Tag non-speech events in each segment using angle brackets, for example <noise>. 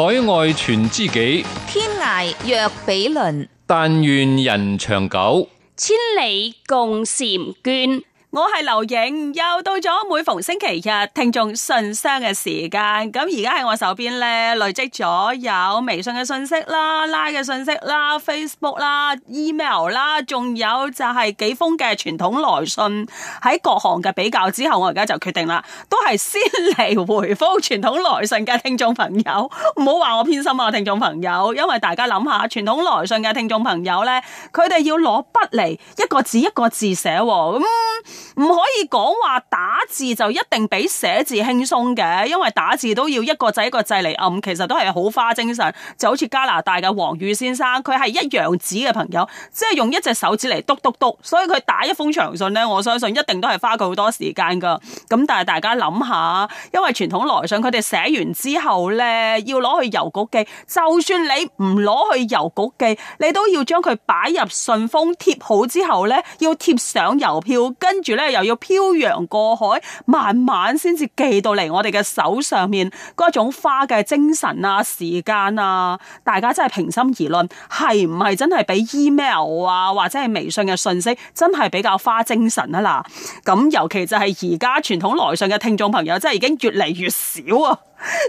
海外存知己，天涯若比鄰。但願人長久，千里共嬋娟。我係劉瑩，又到咗每逢星期日聽眾信箱嘅時間，咁而家喺我手邊咧累積咗有微信嘅信息啦、line 嘅信息啦、Facebook 啦、email 啦，仲有就係幾封嘅傳統來信。喺各項嘅比較之後，我而家就決定啦，都係先嚟回復傳統來信嘅聽眾朋友。唔好話我偏心啊，聽眾朋友，因為大家諗下傳統來信嘅聽眾朋友咧，佢哋要攞筆嚟一個字一個字寫咁。嗯唔可以講話打字就一定比寫字輕鬆嘅，因為打字都要一個掣一個掣嚟按，其實都係好花精神。就好似加拿大嘅黃宇先生，佢係一陽指嘅朋友，即係用一隻手指嚟篤篤篤，所以佢打一封長信呢，我相信一定都係花佢好多時間噶。咁但係大家諗下，因為傳統來信，佢哋寫完之後呢，要攞去郵局寄，就算你唔攞去郵局寄，你都要將佢擺入信封，貼好之後呢，要貼上郵票，跟。又要漂洋過海，慢慢先至寄到嚟我哋嘅手上面，嗰種花嘅精神啊、時間啊，大家真係平心而論，係唔係真係比 email 啊，或者係微信嘅信息真係比較花精神啊嗱？咁尤其就係而家傳統來信嘅聽眾朋友，真係已經越嚟越少啊，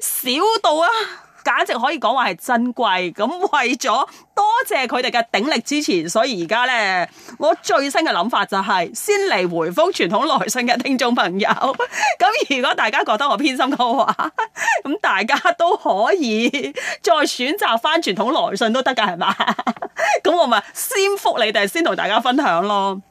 少到啊！簡直可以講話係珍貴，咁為咗多謝佢哋嘅鼎力支持，所以而家咧，我最新嘅諗法就係先嚟回覆傳統來信嘅聽眾朋友。咁如果大家覺得我偏心嘅話，咁大家都可以再選擇翻傳統來信都得噶，係嘛？咁我咪先復你哋，先同大家分享咯。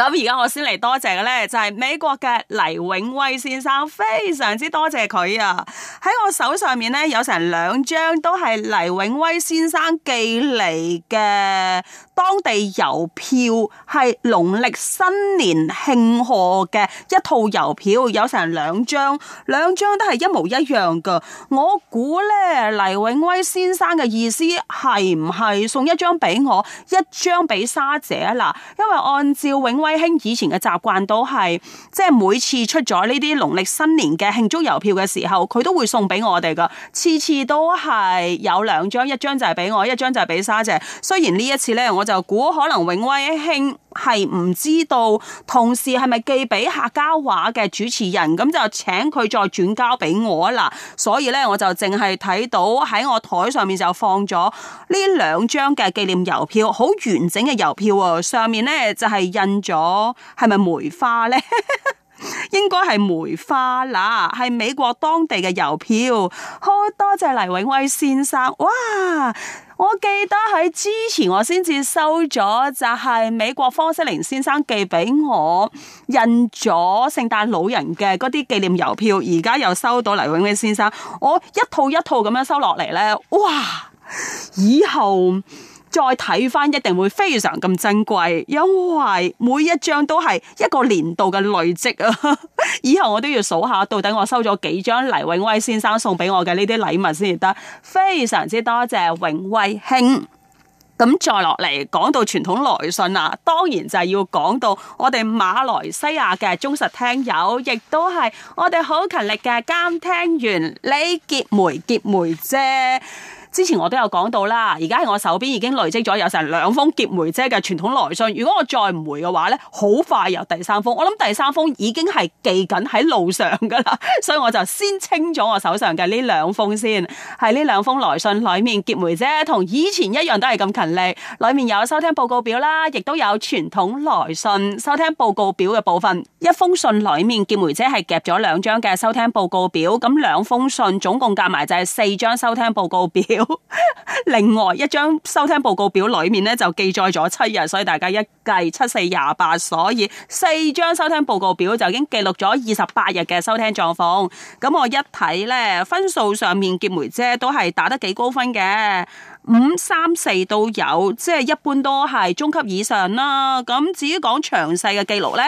咁而家我先嚟多謝嘅呢，就係美國嘅黎永威先生，非常之多謝佢啊！喺我手上面呢，有成兩張都係黎永威先生寄嚟嘅當地郵票，係農曆新年慶賀嘅一套郵票，有成兩張，兩張都係一模一樣噶。我估呢，黎永威先生嘅意思係唔係送一張俾我，一張俾沙姐啦，因為按照永威。威兄以前嘅習慣都係，即係每次出咗呢啲農曆新年嘅慶祝郵票嘅時候，佢都會送俾我哋噶，次次都係有兩張，一張就係俾我，一張就係俾沙姐。雖然呢一次呢，我就估可能永威兄。係唔知道，同事係咪寄俾客家話嘅主持人？咁就請佢再轉交俾我啦。所以呢，我就淨係睇到喺我台上面就放咗呢兩張嘅紀念郵票，好完整嘅郵票啊！上面呢，就係印咗，係咪梅花呢？ <laughs> 應該係梅花啦，係美國當地嘅郵票。好多謝黎永威先生，哇！我記得喺之前，我先至收咗就係美國方適玲先生寄俾我印咗聖誕老人嘅嗰啲紀念郵票，而家又收到黎永威先生，我一套一套咁樣收落嚟呢。哇！以後，再睇翻一定會非常咁珍貴，因為每一張都係一個年度嘅累積啊！ <laughs> 以後我都要數下到底我收咗幾張黎永威先生送俾我嘅呢啲禮物先得，非常之多謝永威兄。咁再落嚟講到傳統來信啊，當然就係要講到我哋馬來西亞嘅忠實聽友，亦都係我哋好勤力嘅監聽員李潔梅潔梅姐。之前我都有講到啦，而家喺我手邊已經累積咗有成兩封潔梅姐嘅傳統來信。如果我再唔回嘅話呢，好快有第三封。我諗第三封已經係寄緊喺路上噶啦，所以我就先清咗我手上嘅呢兩封先。喺呢兩封來信裏面，潔梅姐同以前一樣都係咁勤力。裏面有收聽報告表啦，亦都有傳統來信收聽報告表嘅部分。一封信裏面，潔梅姐係夾咗兩張嘅收聽報告表，咁兩封信總共夾埋就係四張收聽報告表。 <laughs> 另外一張收聽報告表裏面咧就記載咗七日，所以大家一計七四廿八，所以四張收聽報告表就已經記錄咗二十八日嘅收聽狀況。咁我一睇呢，分數上面，潔梅姐都係打得幾高分嘅，五三四都有，即係一般都係中級以上啦。咁至於講詳細嘅記錄呢，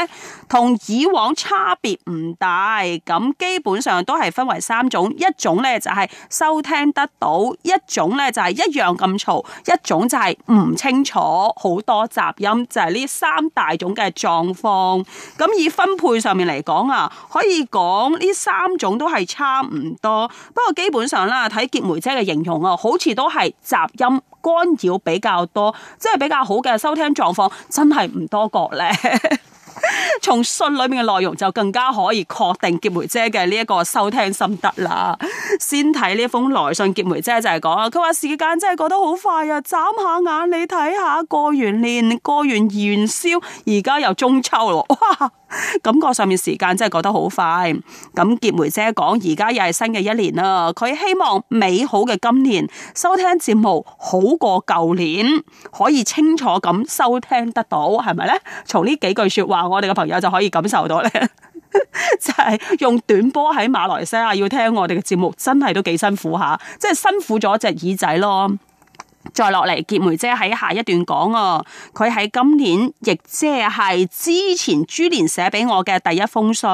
同以往差別唔大。咁基本上都係分為三種，一種呢就係收聽得到，一種呢就係一樣咁嘈，一種就係唔清楚，好多雜音，就係呢三大種嘅狀況。咁以分配上面嚟講啊，可以講呢三種都係差唔多。不過基本上啦，睇潔梅姐嘅形容啊，好似都係雜。雜音干擾比較多，即係比較好嘅收聽狀況，真係唔多覺咧。從信裏面嘅內容就更加可以確定潔梅姐嘅呢一個收聽心得啦。先睇呢封來信，潔梅姐就係講啊，佢話時間真係過得好快啊，眨下眼你睇下，過完年，過完元宵，而家又中秋咯，哇，感覺上面時間真係過得好快。咁潔梅姐講，而家又係新嘅一年啦，佢希望美好嘅今年收聽節目好過舊年，可以清楚咁收聽得到，係咪呢？從呢幾句說話我。我哋嘅朋友就可以感受到咧， <laughs> 就係用短波喺馬來西亞要聽我哋嘅節目，真係都幾辛苦吓，即係辛苦咗隻耳仔咯。再落嚟，潔梅姐喺下一段講啊。佢喺今年亦即係之前豬年寫俾我嘅第一封信，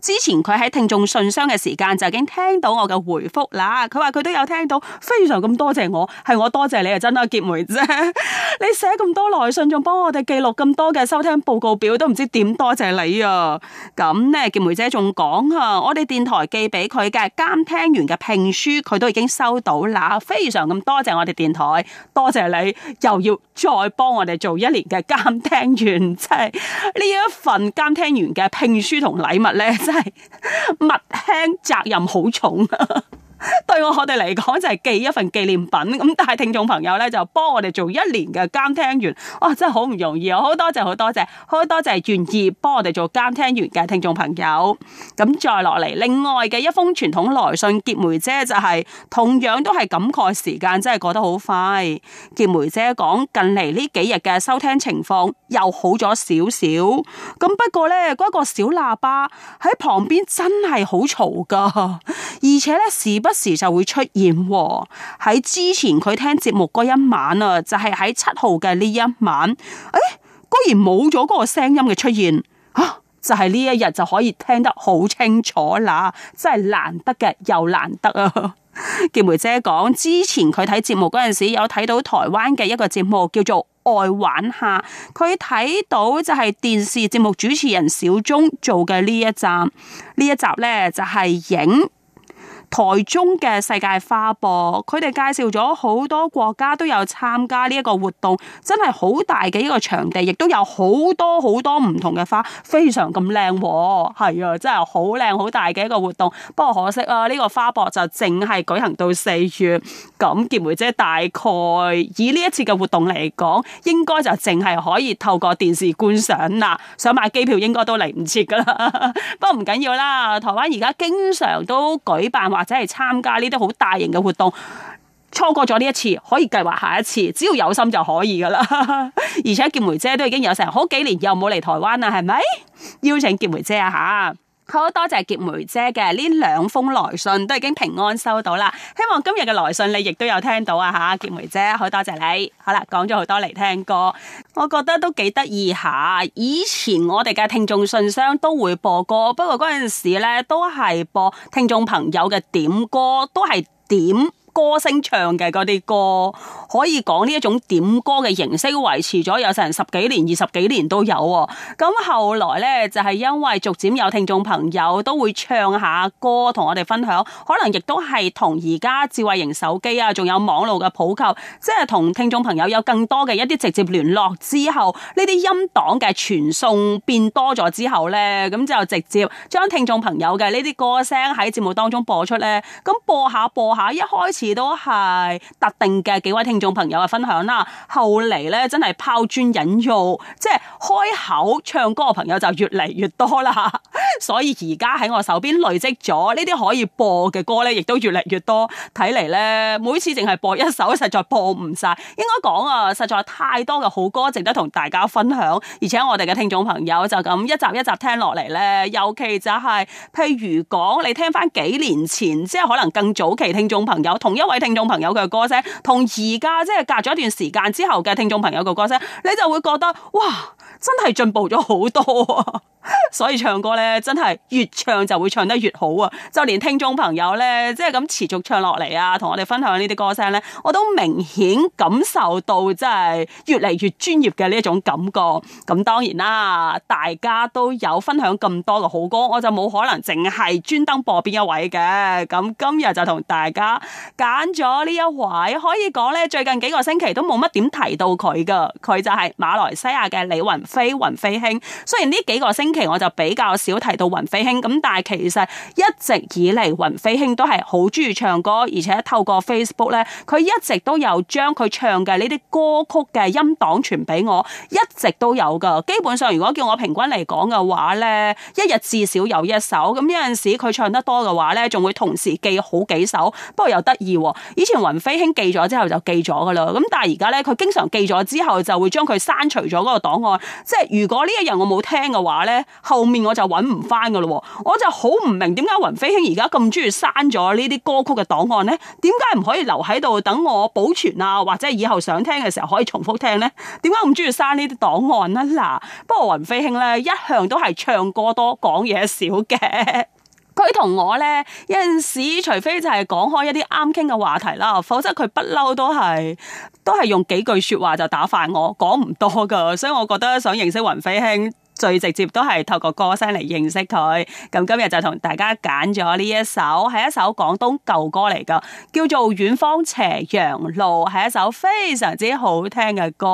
之前佢喺聽眾信箱嘅時間就已經聽到我嘅回覆啦。佢話佢都有聽到，非常咁多謝我，係我多謝你啊，真啊，潔梅姐，你寫咁多來信，仲幫我哋記錄咁多嘅收聽報告表，都唔知點多謝你啊！咁呢，潔梅姐仲講啊，我哋電台寄俾佢嘅監聽員嘅聘書，佢都已經收到啦，非常咁多謝我哋電台。多謝你又要再幫我哋做一年嘅監聽員，即係呢一份監聽員嘅聘書同禮物咧，真係物輕責任好重啊！對我我哋嚟講就係寄一份紀念品咁，但係聽眾朋友呢就幫我哋做一年嘅監聽員，哇真係好唔容易啊！好多謝好多謝，好多謝願意幫我哋做監聽員嘅聽眾朋友。咁再落嚟，另外嘅一封傳統來信，潔梅姐就係同樣都係感慨時間真係過得好快。潔梅姐講近嚟呢幾日嘅收聽情況又好咗少少，咁不過呢嗰個小喇叭喺旁邊真係好嘈噶，而且呢時不。時就會出現喎、哦。喺之前佢聽節目嗰一晚啊，就係喺七號嘅呢一晚，哎、居然冇咗嗰個聲音嘅出現啊！就係、是、呢一日就可以聽得好清楚啦，真係難得嘅又難得啊！潔 <laughs> 梅姐講，之前佢睇節目嗰陣時，有睇到台灣嘅一個節目叫做《愛玩客》，佢睇到就係電視節目主持人小鐘做嘅呢一集，呢一集呢，就係影。台中嘅世界花博，佢哋介紹咗好多國家都有參加呢一個活動，真係好大嘅一個場地，亦都有好多好多唔同嘅花，非常咁靚。哦，係啊，真係好靚好大嘅一個活動，不過可惜啊，呢、這個花博就淨係舉行到四月。咁、嗯、潔梅姐大概以呢一次嘅活動嚟講應該就淨係可以透過電視觀賞啦。想買機票應該都嚟唔切㗎啦。 <laughs> 不過唔緊要啦，台灣而家經常都舉辦。埋。或者係參加呢啲好大型嘅活動，錯過咗呢一次，可以計劃下一次，只要有心就可以噶啦。 <laughs> 而且潔梅姐都已經有成好幾年又冇嚟台灣啦，係咪？邀請潔梅姐啊嚇！好多謝潔梅姐嘅，呢兩封來信都已經平安收到啦，希望今日嘅來信你亦都有聽到啊吓，潔梅姐，好多謝你。好啦，講咗好多嚟，聽歌，我覺得都幾得意下。以前我哋嘅聽眾信箱都會播歌，不過嗰陣時呢都係播聽眾朋友嘅點歌，都係點。歌星唱嘅啲歌，可以講呢一種點歌嘅形式維持咗有成十幾年、二十幾年都有喎、哦。咁後來咧，就係因為逐漸有聽眾朋友都會唱下歌，同我哋分享，可能亦都係同而家智慧型手機啊，仲有網絡嘅普及，即係同聽眾朋友有更多嘅一啲直接聯絡之後，呢啲音檔嘅傳送變多咗之後咧，咁就直接將聽眾朋友嘅呢啲歌聲喺節目當中播出咧，咁播下播下一開始。都係特定嘅幾位聽眾朋友嘅分享啦。後嚟咧，真係拋磚引玉，即係開口唱歌嘅朋友就越嚟越多啦。所以而家喺我手邊累積咗呢啲可以播嘅歌咧，亦都越嚟越多。睇嚟咧，每次淨係播一首，實在播唔晒。應該講啊，實在太多嘅好歌值得同大家分享。而且我哋嘅聽眾朋友就咁一集一集聽落嚟咧，尤其就係譬如講你聽翻幾年前，即係可能更早期聽眾朋友同。同一位聽眾朋友嘅歌聲，同而家即係隔咗一段時間之後嘅聽眾朋友嘅歌聲，你就會覺得哇！真係進步咗好多啊！所以唱歌咧，真係越唱就會唱得越好啊！就連聽眾朋友咧，即係咁持續唱落嚟啊，同我哋分享呢啲歌聲咧，我都明顯感受到即係越嚟越專業嘅呢一種感覺，咁當然啦，大家都有分享咁多嘅好歌，我就冇可能淨係專登播邊一位嘅。咁今日就同大家揀咗呢一位，可以講咧，最近幾個星期都冇乜點提到佢噶。佢就係馬來西亞嘅李雲。飛雲飛兄，雖然呢幾個星期我就比較少提到雲飛兄，咁但係其實一直以嚟雲飛兄都係好中意唱歌，而且透過 Facebook 咧，佢一直都有將佢唱嘅呢啲歌曲嘅音檔傳俾我，一直都有噶。基本上如果叫我平均嚟講嘅話咧，一日至少有一首。咁有陣時佢唱得多嘅話咧，仲會同時記好幾首。不過又得意喎，以前雲飛兄記咗之後就記咗噶啦。咁但係而家咧，佢經常記咗之後就會將佢刪除咗嗰個檔案。即係如果呢一日我冇聽嘅話咧，後面我就揾唔翻㗎咯喎，我就好唔明點解雲飛兄而家咁中意刪咗呢啲歌曲嘅檔案咧？點解唔可以留喺度等我保存啊？或者以後想聽嘅時候可以重複聽咧？點解咁中意刪呢啲檔案啊？嗱，不過雲飛兄咧，一向都係唱歌多講嘢少嘅。 <laughs> 佢同我咧，有陣時除非就係講開一啲啱傾嘅話題啦，否則佢不嬲都係都係用幾句說話就打發我，講唔多㗎，所以我覺得想認識雲飛兄。最直接都係透過歌聲嚟認識佢，咁今日就同大家揀咗呢一首，係一首廣東舊歌嚟噶，叫做《遠方斜陽路》，係一首非常之好聽嘅歌。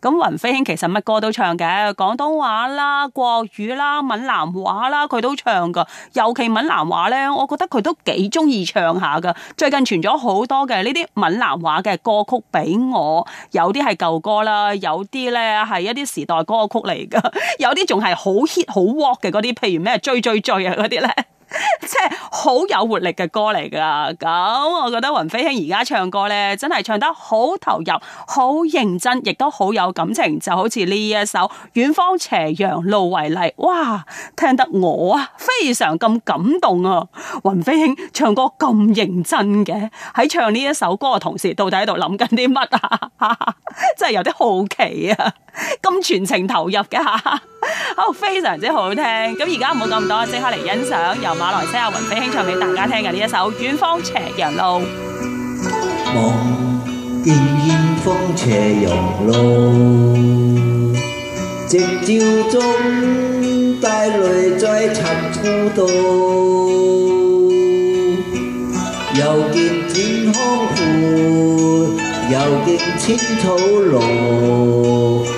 咁雲飛兄其實乜歌都唱嘅，廣東話啦、國語啦、閩南話啦，佢都唱噶。尤其閩南話呢，我覺得佢都幾中意唱下噶。最近傳咗好多嘅呢啲閩南話嘅歌曲俾我，有啲係舊歌啦，有啲咧係一啲時代歌曲嚟噶， <laughs> 有啲。仲係好 hit 好 work 嘅嗰啲，譬如咩追追追啊嗰啲咧，即係好有活力嘅歌嚟噶。咁我覺得雲飛兄而家唱歌咧，真係唱得好投入、好認真，亦都好有感情。就好似呢一首《遠方斜陽路為泥》，哇，聽得我啊非常咁感動啊！雲飛兄唱歌咁認真嘅，喺唱呢一首歌嘅同時，到底喺度諗緊啲乜啊？ <laughs> 真係有啲好奇啊！咁全程投入嘅吓。 <laughs> 好，oh，非常之好聽。咁而家唔好講咁多，即刻嚟欣賞由馬來西亞雲飛兄唱俾大家聽嘅呢一首《遠方斜陽路》。望見，見風斜陽路，夕照中帶淚再尋故道，又見天空闊，又見青草綠。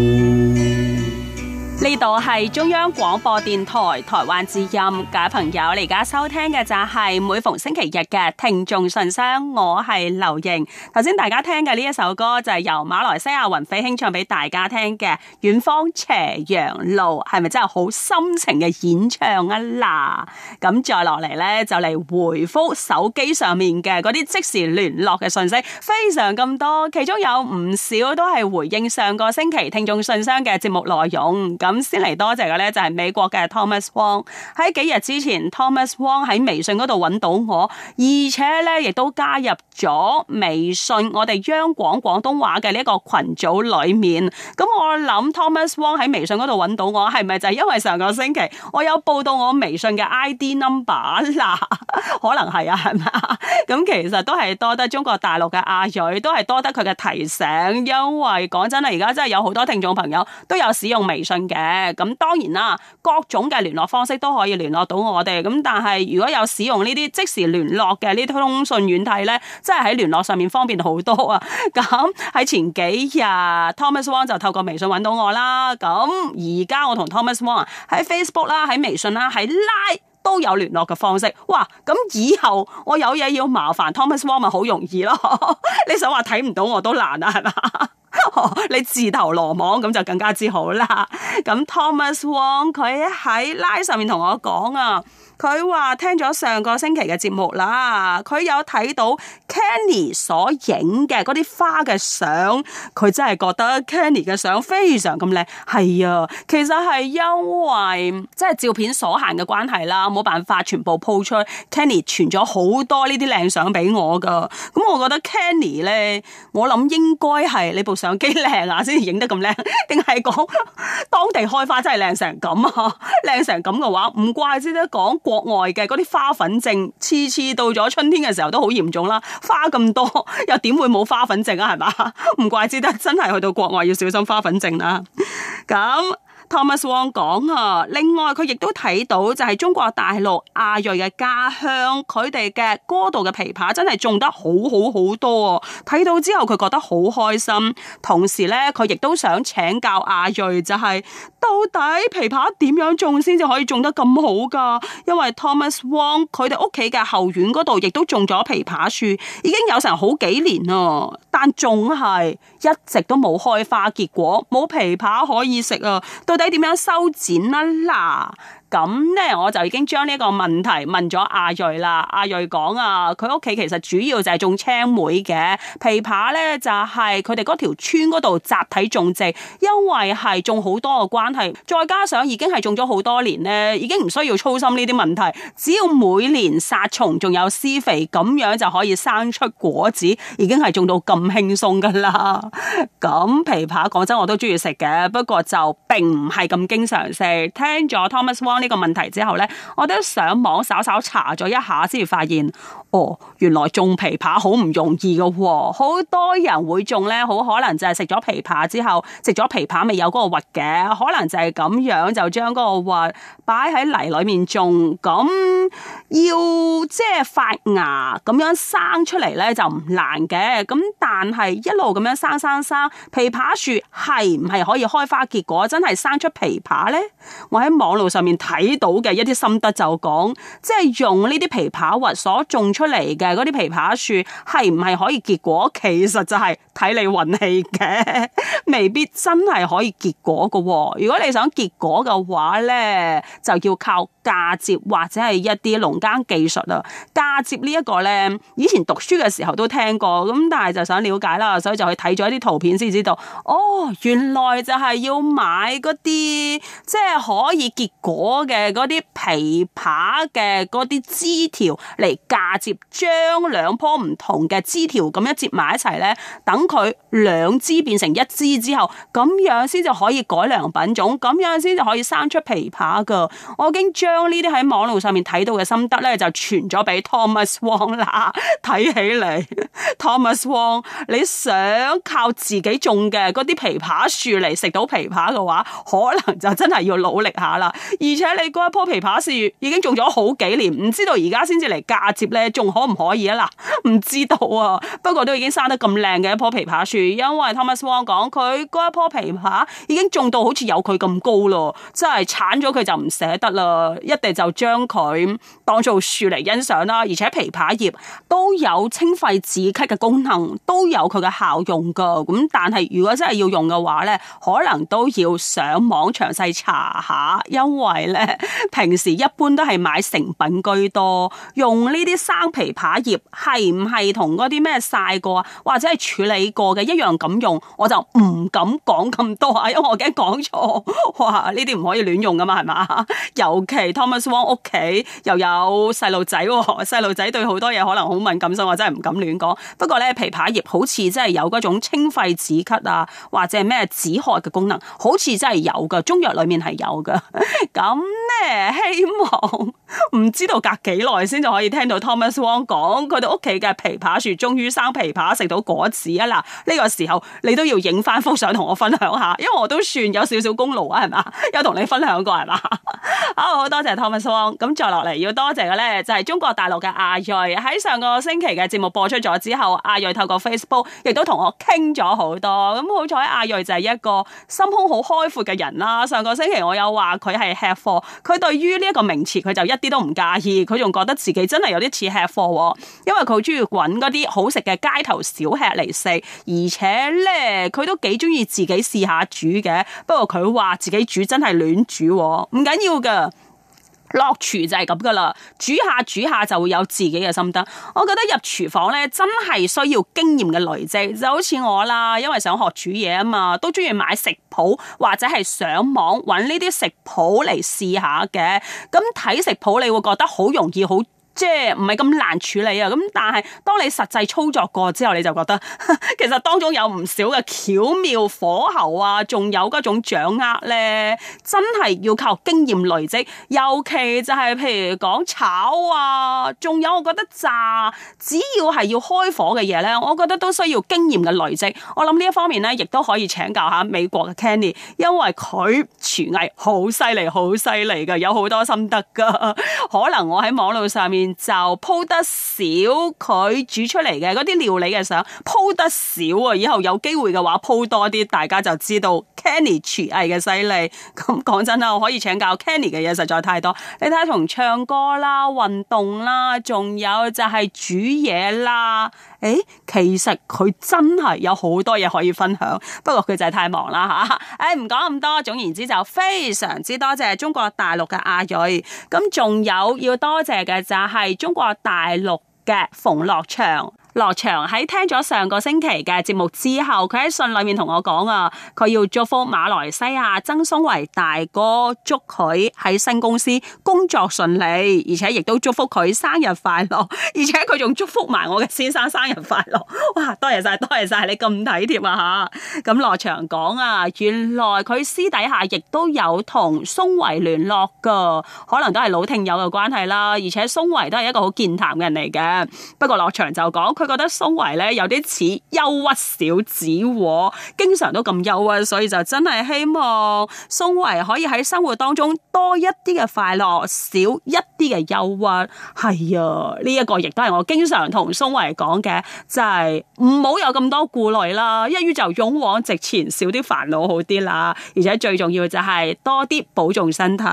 呢度係中央廣播電台台灣之音，各位朋友，你而家收聽嘅就係每逢星期日嘅聽眾信箱。我係劉瑩，頭先大家聽嘅呢一首歌就係由馬來西亞雲飛兄唱俾大家聽嘅《遠方斜陽路》，係咪真係好深情嘅演唱啊嗱？咁再落嚟呢，就嚟回覆手機上面嘅嗰啲即時聯絡嘅信息，非常咁多，其中有唔少都係回應上個星期聽眾信箱嘅節目內容咁。先嚟多謝嘅咧，就係美國嘅 Thomas Wong。喺幾日之前，Thomas Wong 喺微信嗰度揾到我，而且咧亦都加入咗微信我哋央廣廣東話嘅呢一個群組裏面。咁、嗯、我諗 Thomas Wong 喺微信嗰度揾到我，係咪就係因為上個星期我有報到我微信嘅 ID number 啦？ <laughs> 可能係啊，係咪啊？咁、嗯、其實都係多得中國大陸嘅阿瑞，都係多得佢嘅提醒。因為講真啦，而家真係有好多聽眾朋友都有使用微信嘅。誒，咁當然啦、啊，各種嘅聯絡方式都可以聯絡到我哋。咁但係如果有使用呢啲即時聯絡嘅呢通訊軟體咧，真係喺聯絡上面方便好多啊！咁喺前幾日，Thomas Wong 就透過微信搵到我啦。咁而家我同 Thomas Wong 喺 Facebook 啦，喺微信啦，喺 Line 都有聯絡嘅方式。哇！咁以後我有嘢要麻煩 Thomas Wong 咪好容易咯。 <laughs> 你想話睇唔到我都難啊，係嘛？哦、你自投羅網咁就更加之好啦。咁 Thomas Wong 佢喺 line 上面同我講啊。佢話聽咗上個星期嘅節目啦，佢有睇到 Kenny 所影嘅啲花嘅相，佢真係覺得 Kenny 嘅相非常咁靚，係啊，其實係因為即係照片所限嘅關係啦，冇辦法全部鋪出。Kenny 傳咗好多呢啲靚相俾我㗎。咁我覺得 Kenny 咧，我諗應該係你部相機靚啊，先至影得咁靚，定係講當地開花真係靚成咁啊？靚成咁嘅話唔怪之得講。國外嘅嗰啲花粉症，次次到咗春天嘅時候都好嚴重啦。花咁多，又點會冇花粉症啊？係嘛，唔怪之得，真係去到國外要小心花粉症啦、啊。咁。Thomas Wong 講啊，另外佢亦都睇到就係中國大陸阿瑞嘅家鄉，佢哋嘅嗰度嘅枇杷真係種得好好好多啊！睇到之後佢覺得好開心，同時咧佢亦都想請教阿瑞，就是，就係到底枇杷點樣種先至可以種得咁好噶？因為 Thomas Wong 佢哋屋企嘅後院嗰度亦都種咗枇杷樹，已經有成好幾年啦，但仲係，一直都冇開花結果，冇枇杷可以食啊！到底點樣修剪啊？嗱。咁呢，我就已經將呢個問題問咗阿瑞啦。阿瑞講啊，佢屋企其實主要就係種青梅嘅，枇杷呢就係佢哋嗰條村嗰度集體種植，因為係種好多嘅關係，再加上已經係種咗好多年呢，已經唔需要操心呢啲問題，只要每年殺蟲，仲有施肥，咁樣就可以生出果子，已經係種到咁輕鬆噶啦。咁枇杷講真，我都中意食嘅，不過就並唔係咁經常食。聽咗 Thomas Wong 呢個問題之後咧，我都上網稍稍查咗一下，先至發現。哦，原來種枇杷好唔容易嘅喎，好多人會種咧，好可能就係食咗枇杷之後食咗枇杷咪有個核嘅，可能就係咁樣就將個核擺喺泥裏面種，咁要即係發芽，咁樣生出嚟，咧就唔難嘅，咁但係一路咁樣生生生，枇杷樹係唔係可以開花結果，真係生出枇杷咧？我喺網路上面睇到嘅一啲心得就講即係用呢啲枇杷核所種。出嚟嘅嗰啲枇杷樹係唔係可以結果？其實就係睇你運氣嘅， <laughs> 未必真係可以結果噶哦。如果你想結果嘅話咧，就要靠。嫁接或者係一啲農耕技術啊！嫁接呢一個咧，以前讀書嘅時候都聽過，咁但係就想了解啦，所以就去睇咗一啲圖片先知道。哦，原來就係要買啲即係可以結果嘅啲枇杷嘅啲枝條嚟嫁接，將兩樖唔同嘅枝條咁一接埋一齊咧，等佢兩枝變成一枝之後，咁樣先至可以改良品種，咁樣先至可以生出枇杷噶。我已經將。將呢啲喺網路上面睇到嘅心得咧，就傳咗俾 Thomas Wong 啦。睇 <laughs> 起嚟來 <laughs> ，Thomas Wong，你想靠自己種嘅嗰啲枇杷樹嚟食到枇杷嘅話，可能就真係要努力下啦。而且你嗰一棵枇杷樹已經種咗好幾年，唔知道而家先至嚟嫁接咧，仲可唔可以啊？嗱，唔知道啊。不過都已經生得咁靚嘅一棵枇杷樹，因為 Thomas Wong 講佢嗰一棵枇杷已經種到好似有佢咁高咯，真係鏟咗佢就唔捨得啦。一定就將佢當做樹嚟欣賞啦，而且枇杷葉都有清肺止咳嘅功能，都有佢嘅效用噶。咁但係如果真係要用嘅話，咧，可能都要上網詳細查下，因為咧平時一般都係買成品居多，用呢啲生枇杷葉，係唔係同啲咩曬過或者係處理過嘅一樣咁用？我就唔敢講咁多啊，因為我驚講錯，哇！呢啲唔可以亂用噶嘛，係嘛？尤其。Thomas Wong 屋企又有細路仔，細路仔對好多嘢可能好敏感，所以我真係唔敢亂講。不過咧，枇杷葉好似真係有嗰種清肺止咳啊，或者係咩止渴嘅功能，好似真係有噶。中藥裡面係有噶。咁 <laughs> 咧，希望唔知道隔幾耐先就可以聽到 Thomas Wong 講佢哋屋企嘅枇杷樹終於生枇杷，食到果子啊！嗱，呢個時候你都要影翻幅相同我分享下，因為我都算有少少功勞啊，係嘛？有同你分享過係嘛？ <laughs> 啊，好多多謝 Thomas Wong，咁再落嚟要多謝嘅咧就係中國大陸嘅阿瑞。喺上個星期嘅節目播出咗之後，阿瑞透過 Facebook 亦都同我傾咗好多。咁好彩阿瑞就係一個心胸好開闊嘅人啦。上個星期我有話佢係吃貨，佢對於呢一個名詞佢就一啲都唔介意，佢仲覺得自己真係有啲似吃貨，因為佢好中意揾嗰啲好食嘅街頭小吃嚟食，而且咧佢都幾中意自己試下煮嘅。不過佢話自己煮真係亂煮，唔緊要噶。落廚就係咁噶啦，煮下煮下就會有自己嘅心得。我覺得入廚房咧，真係需要經驗嘅累積。就好似我啦，因為想學煮嘢啊嘛，都中意買食譜或者係上網揾呢啲食譜嚟試下嘅。咁睇食譜你會覺得好容易好。即係唔係咁難處理啊！咁但係當你實際操作過之後，你就覺得其實當中有唔少嘅巧妙火候啊，仲有嗰種掌握咧，真係要靠經驗累積。尤其就係譬如講炒啊，仲有我覺得炸，只要係要開火嘅嘢咧，我覺得都需要經驗嘅累積。我諗呢一方面咧，亦都可以請教下美國嘅 Kenny，因為佢廚藝好犀利，好犀利噶，有好多心得噶可能我喺網絡上面。就鋪得少，佢煮出嚟嘅嗰啲料理嘅相鋪得少啊。以後有機會嘅話，鋪多啲，大家就知道 Kenny 廚藝嘅犀利，咁講真啦，我可以請教 Kenny 嘅嘢實在太多。你睇下同唱歌啦、運動啦，仲有就係煮嘢啦。欸、其實佢真係有好多嘢可以分享，不過佢就係太忙啦吓。誒、啊，唔講咁多，總言之就非常之多謝中國大陸嘅阿蕊，咁仲有要多謝嘅就係中國大陸嘅馮樂翔。羅翔喺聽咗上個星期嘅節目之後，佢喺信裏面同我講啊，佢要祝福馬來西亞曾松維大哥，祝佢喺新公司工作順利，而且亦都祝福佢生日快樂，而且佢仲祝福埋我嘅先生生日快樂。哇！多謝晒，多謝晒，啊，你咁體貼啊吓！咁樂翔講啊，原來佢私底下亦都有同松維聯絡㗎，可能都係老聽友嘅關係啦。而且松維都係一個好健談嘅人嚟嘅，不過樂翔就講。佢覺得松維咧有啲似憂鬱小子喎、哦，經常都咁憂鬱，所以就真係希望松維可以喺生活當中多一啲嘅快樂，少一啲嘅憂鬱。係、哎、啊，呢、這、一個亦都係我經常同松維講嘅，就係唔好有咁多顧慮啦，一於就勇往直前，少啲煩惱好啲啦。而且最重要就係多啲保重身體。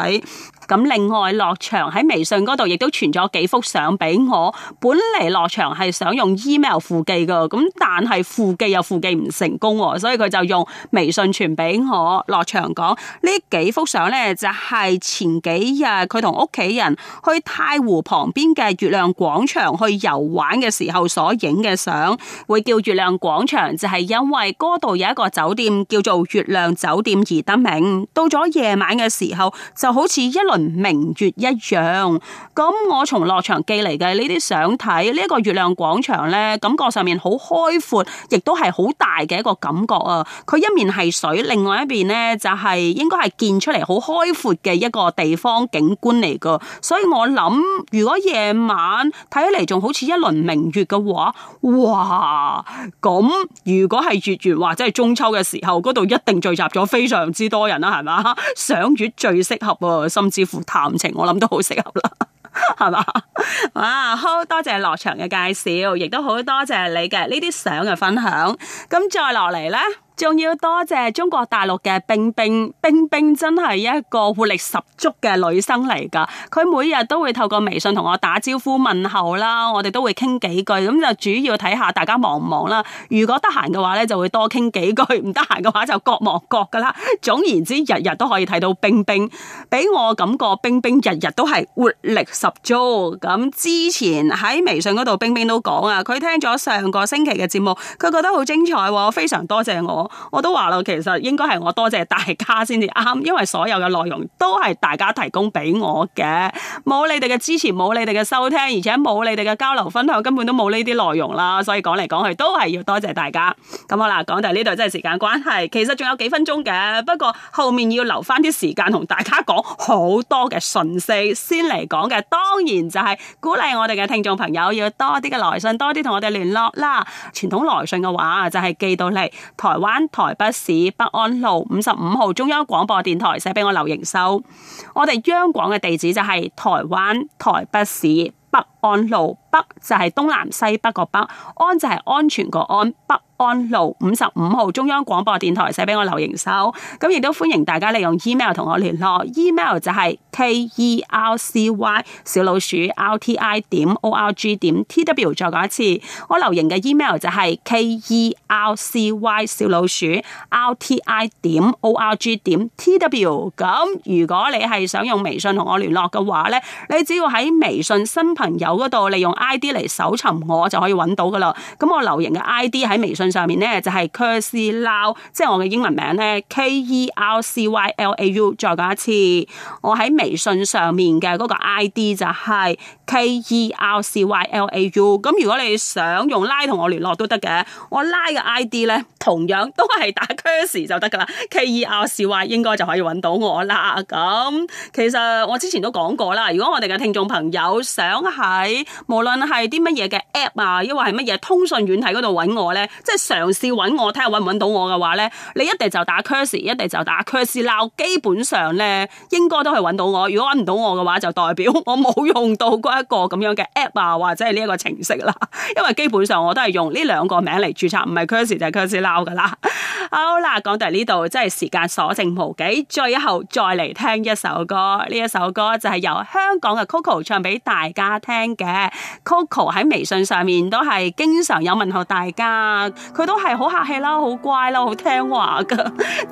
咁另外，樂翔喺微信嗰度亦都傳咗幾幅相俾我。本嚟樂翔係想用 email 附寄噶，咁但係附寄又附寄唔成功喎，所以佢就用微信傳俾我。樂翔講呢幾幅相呢，就係前幾日佢同屋企人去太湖旁邊嘅月亮廣場去遊玩嘅時候所影嘅相。會叫月亮廣場，就係、是、因為嗰度有一個酒店叫做月亮酒店而得名。到咗夜晚嘅時候，就好似一輪明月一樣。咁我從樂翔寄嚟嘅呢啲相睇，呢、這、一個月亮廣場。感覺上面好開闊，亦都係好大嘅一個感覺啊！佢一面係水，另外一邊呢就係、是、應該係建出嚟好開闊嘅一個地方景觀嚟噶。所以我諗，如果夜晚睇起嚟仲好似一輪明月嘅話，哇！咁如果係月圓或者係中秋嘅時候，嗰度一定聚集咗非常之多人啦，係咪？賞月最適合啊，甚至乎談情，我諗都好適合啦。係嘛？哇，好多謝樂翔嘅介紹，亦都好多謝你嘅呢啲相嘅分享。咁再落嚟咧。仲要多謝中國大陸嘅冰冰，冰冰真係一個活力十足嘅女生嚟噶。佢每日都會透過微信同我打招呼問候啦，我哋都會傾幾句。咁就主要睇下大家忙唔忙啦。如果得閒嘅話呢，就會多傾幾句；唔得閒嘅話就各忙各噶啦。總言之，日日都可以睇到冰冰，俾我感覺冰冰日日都係活力十足。咁之前喺微信嗰度，冰冰都講啊，佢聽咗上個星期嘅節目，佢覺得好精彩，非常多謝我。我都話啦，其實應該係我多謝大家先至啱，因為所有嘅內容都係大家提供俾我嘅，冇你哋嘅支持，冇你哋嘅收聽，而且冇你哋嘅交流分享，根本都冇呢啲內容啦。所以講嚟講去都係要多謝大家。咁好啦，講到呢度真係時間關係，其實仲有幾分鐘嘅，不過後面要留翻啲時間同大家講好多嘅訊息先嚟講嘅。當然就係鼓勵我哋嘅聽眾朋友要多啲嘅來信，多啲同我哋聯絡啦。傳統來信嘅話就係寄到嚟台灣。台北市北安路五十五號中央廣播電台，寫俾我劉盈修。我哋央廣嘅地址就係、是、台灣台北市北安路。北就係東南西北個北，安就係安全個安，北安路五十五號中央廣播電台寫俾我劉盈收，咁亦都歡迎大家利用 email 同我聯絡，email 就係 k e l c y 小老鼠 r t i 點 o r g 點 t w，再講一次，我劉盈嘅 email 就係 k e l c y 小老鼠 r t i 點 o r g 點 t w，咁如果你係想用微信同我聯絡嘅話呢，你只要喺微信新朋友嗰度利用。I D 嚟搜尋我，我就可以揾到噶啦。咁我留言嘅 I D 喺微信上面呢，就係、是、Kercy Lau 即係我嘅英文名呢，K E R C Y L A U。再講一次，我喺微信上面嘅嗰個 I D 就係 K E R C Y L A U。咁如果你想用拉同我聯絡都得嘅，我拉嘅 I D 呢同樣都係打 Kercy 就得噶啦。K E R C Y 應該就可以揾、e、到我啦。咁、嗯、其實我之前都講過啦，如果我哋嘅聽眾朋友想喺無論係啲乜嘢嘅 app 啊，抑或係乜嘢通訊軟體嗰度揾我呢，即係嘗試揾我，睇下揾唔揾到我嘅話呢，你一定就打 cursi，一定就打 cursi 撈。基本上呢，應該都係揾到我。如果揾唔到我嘅話，就代表我冇用到嗰一個咁樣嘅 app 啊，或者係呢一個程式啦。因為基本上我都係用呢兩個名嚟註冊，唔係 cursi 就係 cursi 撈噶啦。好啦，講到呢度，真係時間所剩無幾，最後再嚟聽一首歌。呢一首歌就係由香港嘅 Coco 唱俾大家聽嘅。Coco 喺微信上面都係經常有問候大家，佢都係好客氣啦，好乖啦，好聽話噶，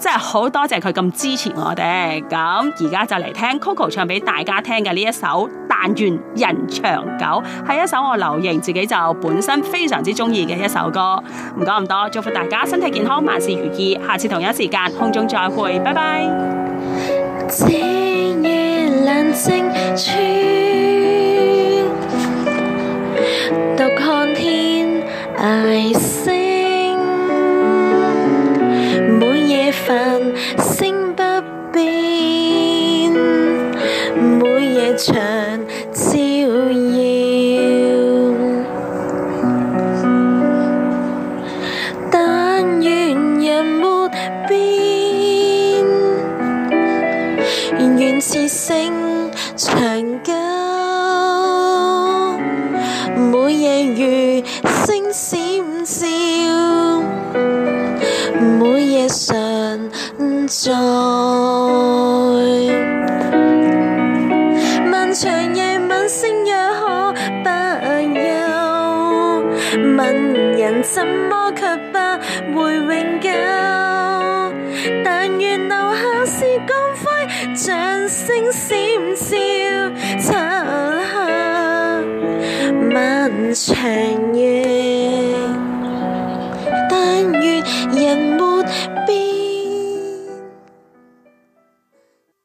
真係好多謝佢咁支持我哋。咁而家就嚟聽 Coco 唱俾大家聽嘅呢一首《但願人長久》，係一首我留形自己就本身非常之中意嘅一首歌。唔講咁多，祝福大家身體健康，萬事如下次同一時間空中再會，拜拜。這夜冷清穿獨看天涯星，每夜繁星不變，每夜長